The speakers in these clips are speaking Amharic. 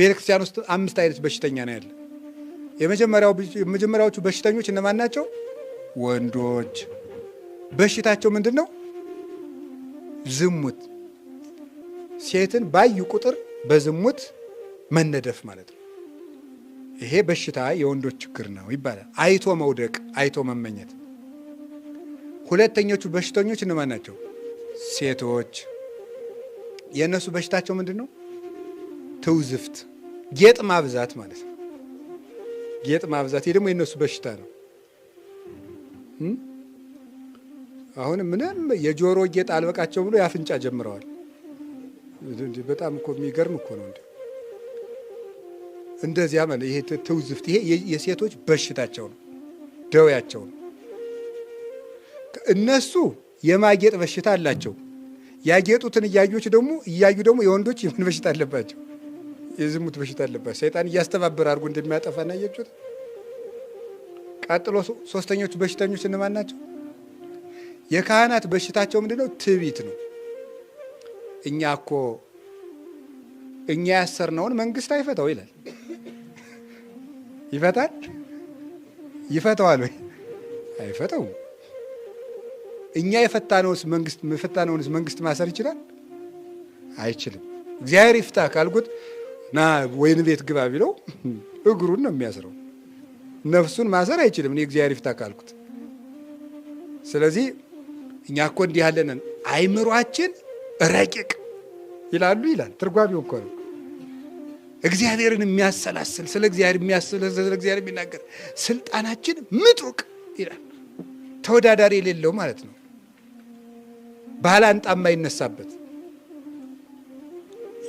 ቤተክርስቲያን ውስጥ አምስት አይነት በሽተኛ ነው ያለ። የመጀመሪያዎቹ በሽተኞች እነማን ናቸው? ወንዶች። በሽታቸው ምንድን ነው? ዝሙት። ሴትን ባዩ ቁጥር በዝሙት መነደፍ ማለት ነው። ይሄ በሽታ የወንዶች ችግር ነው ይባላል። አይቶ መውደቅ፣ አይቶ መመኘት። ሁለተኞቹ በሽተኞች እነማን ናቸው? ሴቶች። የእነሱ በሽታቸው ምንድን ነው? ትውዝፍት ጌጥ ማብዛት ማለት ነው። ጌጥ ማብዛት ይህ ደግሞ የነሱ በሽታ ነው። አሁን ምንም የጆሮ ጌጥ አልበቃቸው ብሎ ያፍንጫ ጀምረዋል። በጣም እኮ የሚገርም እኮ ነው። እንደዚያ ማለት ይሄ ትውዝፍት፣ ይሄ የሴቶች በሽታቸው ነው፣ ደውያቸው ነው። እነሱ የማጌጥ በሽታ አላቸው። ያጌጡትን እያዩች ደግሞ እያዩ ደግሞ የወንዶች የምን በሽታ አለባቸው? የዝሙት በሽታ አለባት። ሰይጣን እያስተባበረ አድርጎ እንደሚያጠፋና እያችሁት። ቀጥሎ ሶስተኞቹ በሽተኞች እነማን ናቸው? የካህናት በሽታቸው ምንድን ነው? ትዕቢት ነው። እኛ እኮ እኛ ያሰርነውን መንግስት አይፈታው ይላል። ይፈታል? ይፈተዋል ወይ? አይፈተው። እኛ የፈታነውስ መንግስት የፈታነውንስ መንግስት ማሰር ይችላል? አይችልም። እግዚአብሔር ይፍታ ካልኩት ና ወይን ቤት ግባ ቢለው እግሩን ነው የሚያስረው። ነፍሱን ማሰር አይችልም። እኔ እግዚአብሔር ይፍታ ካልኩት። ስለዚህ እኛ እኮ እንዲህ ያለንን አይምሯችን ረቂቅ ይላሉ ይላል ትርጓሜው እኮ ነው። እግዚአብሔርን የሚያሰላስል ስለ እግዚአብሔር የሚያስል ስለ እግዚአብሔር የሚናገር ስልጣናችን ምጡቅ ይላል። ተወዳዳሪ የሌለው ማለት ነው። ባላንጣ የማይነሳበት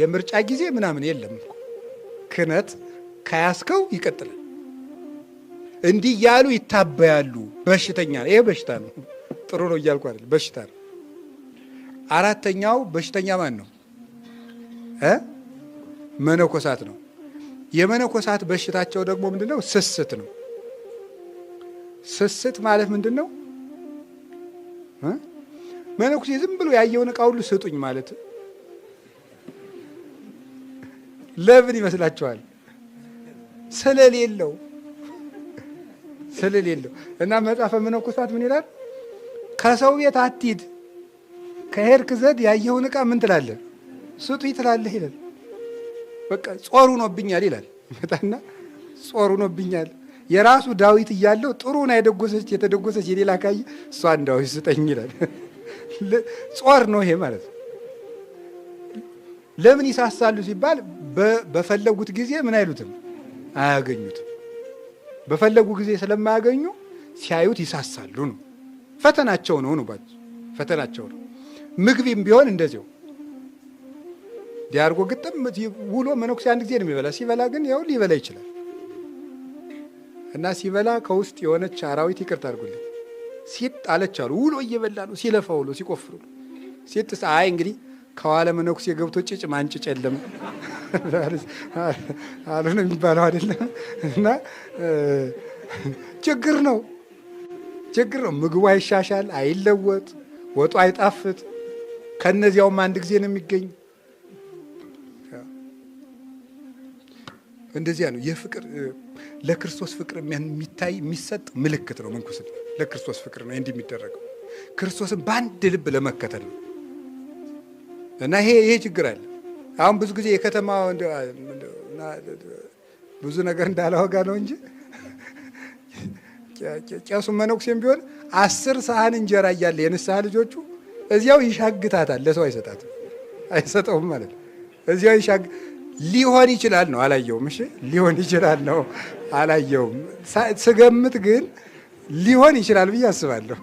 የምርጫ ጊዜ ምናምን የለም። ክህነት ከያስከው ይቀጥላል። እንዲህ እያሉ ይታበያሉ። በሽተኛ ይሄ በሽታ ነው። ጥሩ ነው እያልኩ አይደል፣ በሽታ ነው። አራተኛው በሽተኛ ማን ነው? መነኮሳት ነው። የመነኮሳት በሽታቸው ደግሞ ምንድን ነው? ስስት ነው። ስስት ማለት ምንድን ነው? መነኩሴ ዝም ብሎ ያየውን እቃ ሁሉ ስጡኝ ማለት ለምን ይመስላችኋል? ስለሌለው ስለሌለው እና መጽሐፈ መነኮሳት ምን ይላል? ከሰው ቤት አትሂድ፣ ከሄድክ ዘድ ያየውን ዕቃ ምን ትላለህ? ስጡኝ ትላለህ ይላል። በቃ ጾሩ ኖብኛል ይላል። ይመጣና ጾሩ ኖብኛል የራሱ ዳዊት እያለው ጥሩን አይደጎሰች የተደጎሰች የሌላ ካየ እሷን ዳዊት ስጠኝ ይላል። ጾር ነው ይሄ ማለት ነው። ለምን ይሳሳሉ ሲባል በፈለጉት ጊዜ ምን አይሉትም፣ አያገኙትም። በፈለጉ ጊዜ ስለማያገኙ ሲያዩት ይሳሳሉ ነው። ፈተናቸው ነው ነው ባጭ ፈተናቸው ነው። ምግብም ቢሆን እንደዚው ዲያርጎ ግጥም ውሎ መነኩሴ አንድ ጊዜ ነው የሚበላ። ሲበላ ግን ያው ሊበላ ይችላል እና ሲበላ ከውስጥ የሆነች አራዊት ይቅርታ አድርጉልኝ ሲጥ አለች አሉ። ውሎ እየበላ ነው ሲለፋ ውሎ ሲቆፍሩ ሲጥ አይ እንግዲህ ከኋላ መነኩሴ ገብቶ ጭጭ ማንጭጭ የለም አሉን የሚባለው አይደለም። እና ችግር ነው ችግር ነው። ምግቡ አይሻሻል፣ አይለወጥ፣ ወጡ አይጣፍጥ። ከነዚያውም አንድ ጊዜ ነው የሚገኝ። እንደዚያ ነው የፍቅር ለክርስቶስ ፍቅር የሚታይ የሚሰጥ ምልክት ነው። መንኩስ ለክርስቶስ ፍቅር ነው እንዲህ የሚደረገው ክርስቶስን በአንድ ልብ ለመከተል ነው እና ይሄ ይሄ ችግር አለ። አሁን ብዙ ጊዜ የከተማ ብዙ ነገር እንዳላወጋ ነው እንጂ ቄሱ መነኩሴም ቢሆን አስር ሳህን እንጀራ እያለ የንስሐ ልጆቹ እዚያው ይሻግታታል። ለሰው አይሰጣት አይሰጠውም ማለት እዚያው ይሻግ ሊሆን ይችላል ነው አላየውም። እሺ ሊሆን ይችላል ነው አላየውም። ስገምት ግን ሊሆን ይችላል ብዬ አስባለሁ።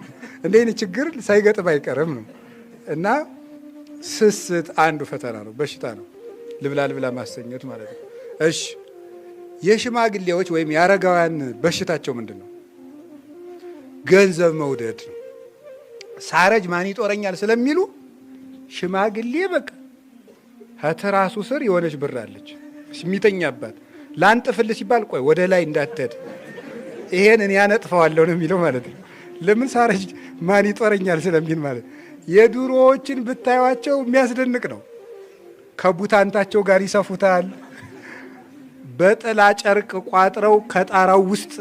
እንደይን ችግር ሳይገጥም አይቀርም ነው እና ስስት አንዱ ፈተና ነው፣ በሽታ ነው። ልብላ ልብላ ማሰኘት ማለት ነው። እሺ የሽማግሌዎች ወይም የአረጋውያን በሽታቸው ምንድን ነው? ገንዘብ መውደድ ነው። ሳረጅ ማን ይጦረኛል ስለሚሉ ሽማግሌ በቃ ከትራሱ ስር የሆነች ብር አለች የሚተኛባት ላንጥፍል ሲባል ቆይ ወደ ላይ እንዳትሄድ ይሄን እኔ ያነጥፈዋለሁ ነው የሚለው ማለት ነው። ለምን ሳረጅ ማን ይጦረኛል ስለሚል ማለት ነው። የዱሮዎችን ብታዩቸው የሚያስደንቅ ነው። ከቡታንታቸው ጋር ይሰፉታል። በጥላ ጨርቅ ቋጥረው ከጣራው ውስጥ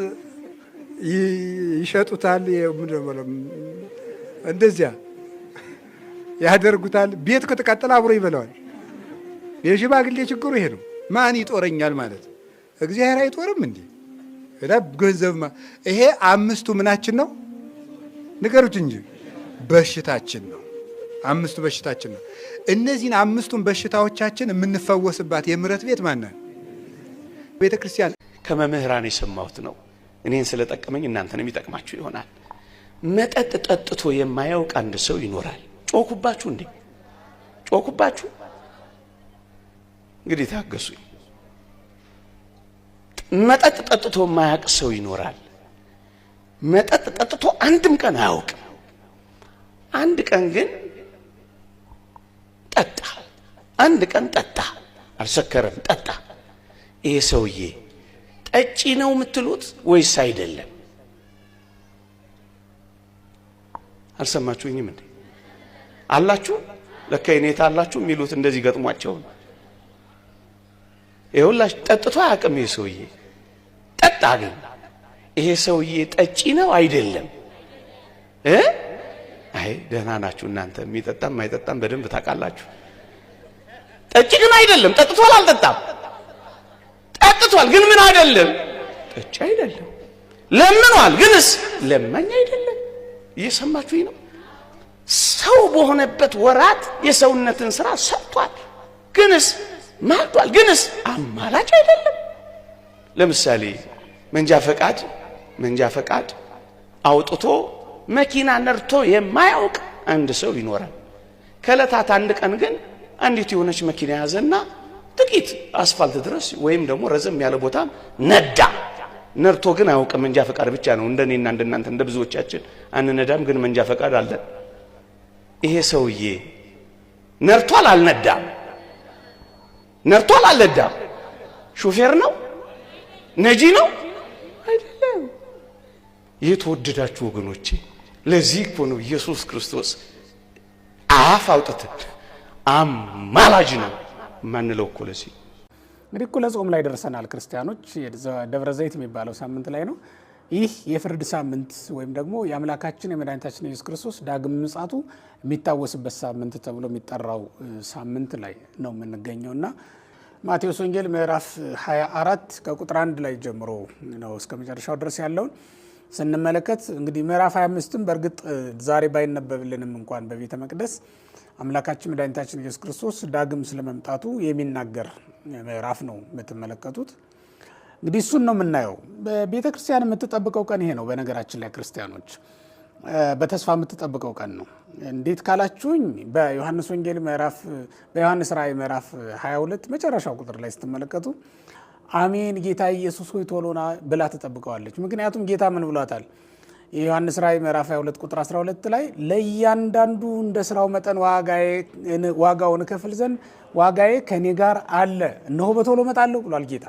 ይሸጡታል። እንደዚያ ያደርጉታል። ቤት ከተቃጠለ አብሮ ይበላዋል። የሽማግሌ ችግሩ ይሄ ነው። ማን ይጦረኛል ማለት እግዚአብሔር አይጦርም እንዴ? ገንዘብማ ይሄ አምስቱ ምናችን ነው? ንገሩት እንጂ በሽታችን ነው። አምስቱ በሽታችን ነው። እነዚህን አምስቱን በሽታዎቻችን የምንፈወስባት የምሕረት ቤት ማነን? ቤተ ክርስቲያን። ከመምህራን የሰማሁት ነው። እኔን ስለጠቀመኝ እናንተንም ይጠቅማችሁ ይሆናል። መጠጥ ጠጥቶ የማያውቅ አንድ ሰው ይኖራል። ጮኩባችሁ እንዴ? ጮኩባችሁ። እንግዲህ ታገሱኝ። መጠጥ ጠጥቶ የማያውቅ ሰው ይኖራል። መጠጥ ጠጥቶ አንድም ቀን አያውቅም። አንድ ቀን ግን ጠጣ። አንድ ቀን ጠጣ። አልሰከረም፣ ጠጣ። ይሄ ሰውዬ ጠጪ ነው የምትሉት ወይስ አይደለም? አልሰማችሁኝም እንዴ? አላችሁ ለካ የኔታ አላችሁ የሚሉት እንደዚህ ገጥሟቸው ነው። ይኸውላችሁ ጠጥቶ አያውቅም ይሄ ሰውዬ። ጠጣ ግን ይሄ ሰውዬ ጠጪ ነው አይደለም እ አይ ደህና ናችሁ እናንተ። የሚጠጣም የማይጠጣም በደንብ ታውቃላችሁ። ጠጭ ግን አይደለም። ጠጥቷል፣ አልጠጣም። ጠጥቷል ግን ምን አይደለም፣ ጠጭ አይደለም። ለምኗል ግንስ ለማኝ አይደለም። እየሰማችሁኝ ነው? ሰው በሆነበት ወራት የሰውነትን ስራ ሰርቷል፣ ግንስ ማልቷል፣ ግንስ አማላጭ አይደለም። ለምሳሌ መንጃ ፈቃድ መንጃ ፈቃድ አውጥቶ መኪና ነርቶ የማያውቅ አንድ ሰው ይኖራል። ከእለታት አንድ ቀን ግን አንዲት የሆነች መኪና ያዘና ጥቂት አስፋልት ድረስ ወይም ደግሞ ረዘም ያለ ቦታም ነዳ። ነርቶ ግን አያውቅም። መንጃ ፈቃድ ብቻ ነው። እንደኔና እንደናንተ እንደ ብዙዎቻችን አንነዳም፣ ግን መንጃ ፈቃድ አለን። ይሄ ሰውዬ ነርቷል፣ አልነዳም? ነርቷል፣ አልነዳም? ሹፌር ነው? ነጂ ነው? አይደለም። የተወደዳችሁ ወገኖቼ ለዚህ እኮ ነው ኢየሱስ ክርስቶስ አፍ አውጥተን አማላጅ ነው ማንለው እኮ ለዚህ እንግዲህ እኮ ለጾም ላይ ደርሰናል ክርስቲያኖች። ደብረ ዘይት የሚባለው ሳምንት ላይ ነው። ይህ የፍርድ ሳምንት ወይም ደግሞ የአምላካችን የመድኃኒታችን ኢየሱስ ክርስቶስ ዳግም ምጻቱ የሚታወስበት ሳምንት ተብሎ የሚጠራው ሳምንት ላይ ነው የምንገኘው እና ማቴዎስ ወንጌል ምዕራፍ 24 ከቁጥር አንድ ላይ ጀምሮ ነው እስከ መጨረሻው ድረስ ያለውን ስንመለከት እንግዲህ ምዕራፍ 25ም በእርግጥ ዛሬ ባይነበብልንም እንኳን በቤተ መቅደስ አምላካችን መድኃኒታችን ኢየሱስ ክርስቶስ ዳግም ስለመምጣቱ የሚናገር ምዕራፍ ነው የምትመለከቱት። እንግዲህ እሱን ነው የምናየው። ቤተ ክርስቲያን የምትጠብቀው ቀን ይሄ ነው። በነገራችን ላይ ክርስቲያኖች በተስፋ የምትጠብቀው ቀን ነው። እንዴት ካላችሁኝ በዮሐንስ ወንጌል ምዕራፍ በዮሐንስ ራእይ ምዕራፍ 22 መጨረሻው ቁጥር ላይ ስትመለከቱ አሜን ጌታ ኢየሱስ ሆይ ቶሎና ብላ ትጠብቀዋለች። ምክንያቱም ጌታ ምን ብሏታል? የዮሐንስ ራእይ ምዕራፍ 22 ቁጥር 12 ላይ ለእያንዳንዱ እንደ ስራው መጠን ዋጋውን እከፍል ዘንድ ዋጋዬ ከኔ ጋር አለ፣ እነሆ በቶሎ እመጣለሁ ብሏል። ጌታ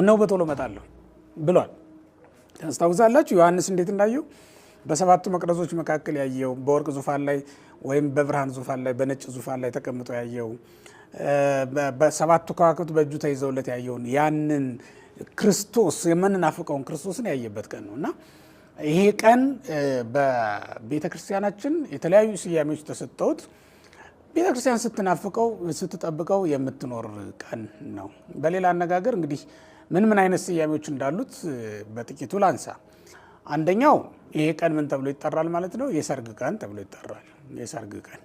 እነሆ በቶሎ እመጣለሁ ብሏል። ታስታውሳላችሁ ዮሐንስ እንዴት እንዳየው በሰባቱ መቅረዞች መካከል ያየው በወርቅ ዙፋን ላይ ወይም በብርሃን ዙፋን ላይ በነጭ ዙፋን ላይ ተቀምጦ ያየው በሰባቱ ከዋክብት በእጁ ተይዘውለት ያየውን ያንን ክርስቶስ የምንናፍቀውን ክርስቶስን ያየበት ቀን ነው እና ይሄ ቀን በቤተ ክርስቲያናችን የተለያዩ ስያሜዎች ተሰጠውት። ቤተ ክርስቲያን ስትናፍቀው ስትጠብቀው የምትኖር ቀን ነው። በሌላ አነጋገር እንግዲህ ምን ምን አይነት ስያሜዎች እንዳሉት በጥቂቱ ላንሳ። አንደኛው ይሄ ቀን ምን ተብሎ ይጠራል ማለት ነው? የሰርግ ቀን ተብሎ ይጠራል። የሰርግ ቀን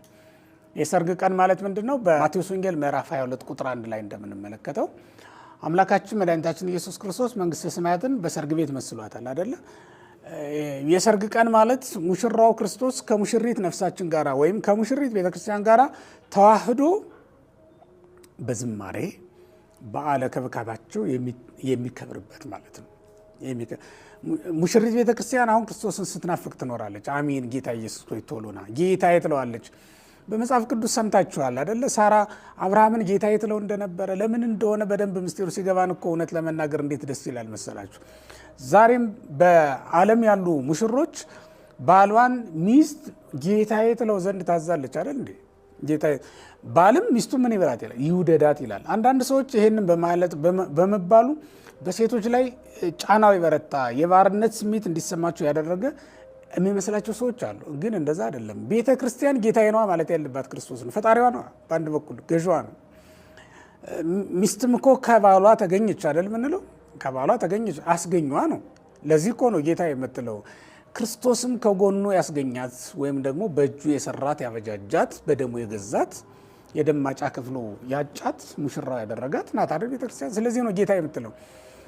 የሰርግ ቀን ማለት ምንድን ነው? በማቴዎስ ወንጌል ምዕራፍ 22 ቁጥር አንድ ላይ እንደምንመለከተው አምላካችን መድኃኒታችን ኢየሱስ ክርስቶስ መንግስተ ሰማያትን በሰርግ ቤት መስሏታል አደለ? የሰርግ ቀን ማለት ሙሽራው ክርስቶስ ከሙሽሪት ነፍሳችን ጋር ወይም ከሙሽሪት ቤተክርስቲያን ጋር ተዋህዶ በዝማሬ በዓለ ከብካባቸው የሚከብርበት ማለት ነው። ሙሽሪት ቤተ ክርስቲያን አሁን ክርስቶስን ስትናፍቅ ትኖራለች። አሚን ጌታ ኢየሱስ ሆይ ቶሎና ጌታዬ ትለዋለች። በመጽሐፍ ቅዱስ ሰምታችኋል አደለ? ሳራ አብርሃምን ጌታዬ ትለው እንደነበረ ለምን እንደሆነ በደንብ ምስጢሩ ሲገባን እኮ እውነት ለመናገር እንዴት ደስ ይላል መሰላችሁ። ዛሬም በዓለም ያሉ ሙሽሮች ባሏን ሚስት ጌታዬ ትለው ዘንድ ታዛለች አደል እንዴ? ባልም ሚስቱ ምን ይበላት ይላል ይውደዳት ይላል። አንዳንድ ሰዎች ይህንን በማለት በመባሉ በሴቶች ላይ ጫናው ይበረታ የባርነት ስሜት እንዲሰማቸው ያደረገ የሚመስላቸው ሰዎች አሉ። ግን እንደዛ አይደለም። ቤተ ክርስቲያን ጌታዬ ነዋ ማለት ያለባት ክርስቶስ ነው፣ ፈጣሪዋ ነዋ፣ በአንድ በኩል ገዥዋ ነው። ሚስትም እኮ ከባሏ ተገኘች አይደል? ምንለው ከባሏ ተገኘች አስገኟ ነው። ለዚህ እኮ ነው ጌታ የምትለው ክርስቶስም ከጎኑ ያስገኛት ወይም ደግሞ በእጁ የሰራት ያበጃጃት በደሙ የገዛት የደማጫ ክፍሉ ያጫት ሙሽራው ያደረጋት ናት አይደል ቤተክርስቲያን። ስለዚህ ነው ጌታ የምትለው